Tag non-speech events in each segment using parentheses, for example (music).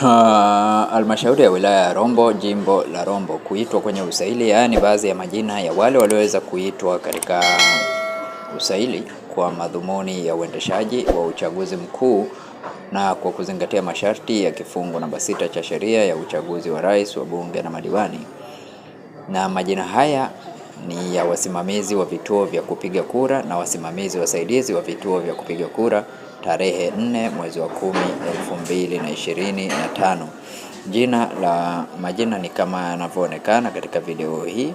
Halmashauri ya wilaya ya Rombo jimbo la Rombo kuitwa kwenye usaili. yaani baadhi ya majina ya wale walioweza kuitwa katika usaili kwa madhumuni ya uendeshaji wa uchaguzi mkuu na kwa kuzingatia masharti ya kifungu namba sita cha sheria ya uchaguzi wa rais, wa bunge na madiwani. Na majina haya ni ya wasimamizi wa vituo vya kupiga kura na wasimamizi wasaidizi wa vituo vya kupiga kura tarehe nne mwezi wa kumi elfu mbili na ishirini na tano. Jina la majina ni kama yanavyoonekana katika video hii.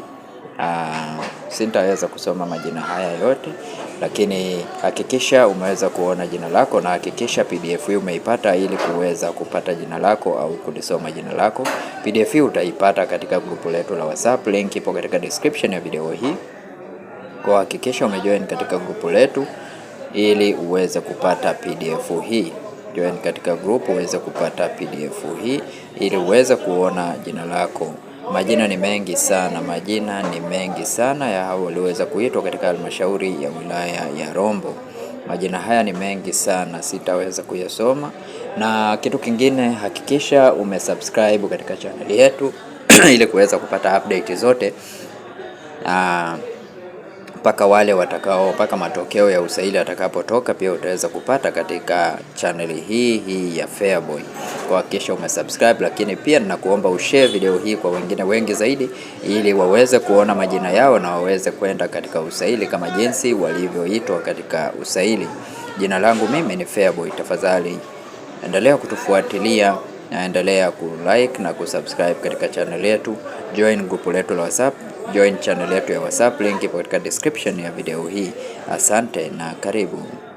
Uh, ah, sintaweza kusoma majina haya yote lakini hakikisha umeweza kuona jina lako na hakikisha PDF hii umeipata ili kuweza kupata jina lako au kulisoma jina lako. PDF hii utaipata katika grupu letu la WhatsApp, link ipo katika description ya video hii. Kwa hakikisha umejoin katika grupu letu ili uweze kupata PDF hii. Join katika group uweze kupata PDF hii ili uweze kuona jina lako. Majina ni mengi sana, majina ni mengi sana ya hao walioweza kuitwa katika halmashauri ya wilaya ya Rombo. Majina haya ni mengi sana, sitaweza kuyasoma. Na kitu kingine, hakikisha umesubscribe katika chaneli yetu (clears throat) ili kuweza kupata update zote. Aa, ah, mpaka wale watakao mpaka matokeo ya usaili atakapotoka, pia utaweza kupata katika chaneli hii hii ya Feaboy. Hakikisha umesubscribe, lakini pia ninakuomba ushare video hii kwa wengine wengi zaidi, ili waweze kuona majina yao na waweze kwenda katika usaili kama jinsi walivyoitwa katika usaili. Jina langu mimi ni Feaboy, tafadhali endelea kutufuatilia naendelea ku like na kusubscribe katika channel yetu. Join grupu letu la WhatsApp, join channel yetu ya WhatsApp, link ipo katika description ya video hii. Asante na karibu.